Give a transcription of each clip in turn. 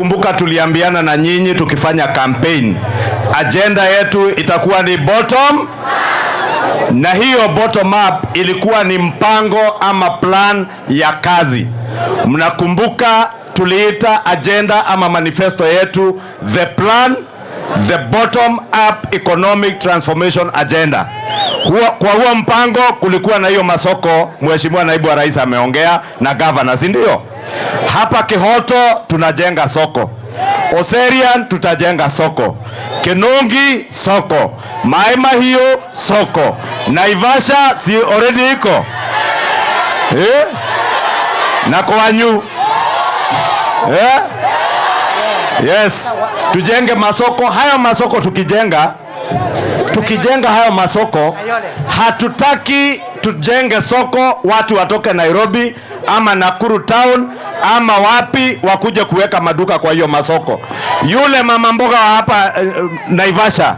Kumbuka tuliambiana na nyinyi tukifanya campaign, ajenda yetu itakuwa ni bottom, na hiyo bottom up ilikuwa ni mpango ama plan ya kazi. Mnakumbuka tuliita ajenda ama manifesto yetu the plan, the bottom up economic transformation agenda. Huwa, kwa huo mpango kulikuwa na hiyo masoko. Mheshimiwa naibu wa rais ameongea na gavana, si ndio? Hapa Kihoto tunajenga soko, Oserian tutajenga soko, Kinungi soko, maema hiyo soko, Naivasha si already iko eh? na Kwanyu eh? Yes, tujenge masoko. Haya masoko tukijenga tukijenga hayo masoko, hatutaki tujenge soko watu watoke Nairobi ama Nakuru town ama wapi wakuje kuweka maduka kwa hiyo masoko. Yule mama mboga wa hapa eh, eh, Naivasha,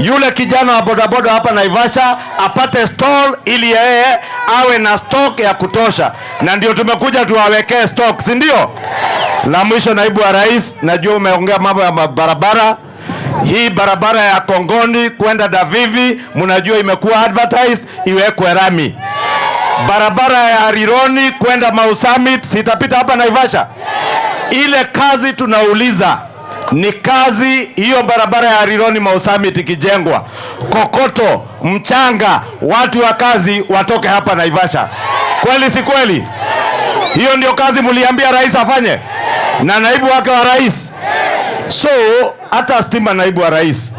yule kijana wa bodaboda hapa Naivasha apate stall ili yeye awe na stock ya kutosha, na ndio tumekuja tuwawekee stock, si ndio? La mwisho, naibu wa rais, najua umeongea mambo ya barabara hii barabara ya Kongoni kwenda Davivi, mnajua imekuwa advertised iwekwe rami. Barabara ya Rironi kwenda Mau Summit, sitapita hapa Naivasha. Ile kazi tunauliza ni kazi hiyo, barabara ya Rironi Mau Summit ikijengwa, kokoto, mchanga, watu wa kazi watoke hapa Naivasha. Kweli si kweli? Hiyo ndio kazi mliambia rais afanye na naibu wake wa rais So hata stima, naibu wa rais,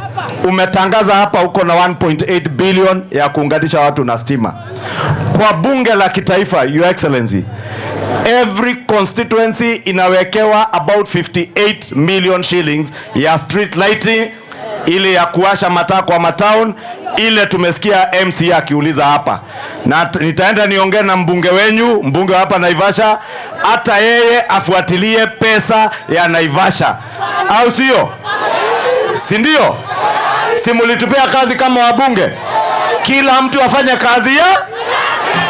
umetangaza hapa uko na 1.8 billion ya kuunganisha watu na stima kwa bunge la kitaifa. Your Excellency, every constituency inawekewa about 58 million shillings ya street lighting, ile ya kuwasha mataa kwa matown, ile tumesikia MC akiuliza hapa, na nitaenda niongee na mbunge wenyu, mbunge wa hapa Naivasha, hata yeye afuatilie pesa ya Naivasha au sio? Si ndio? Si mulitupea kazi kama wabunge, kila mtu afanye kazi ya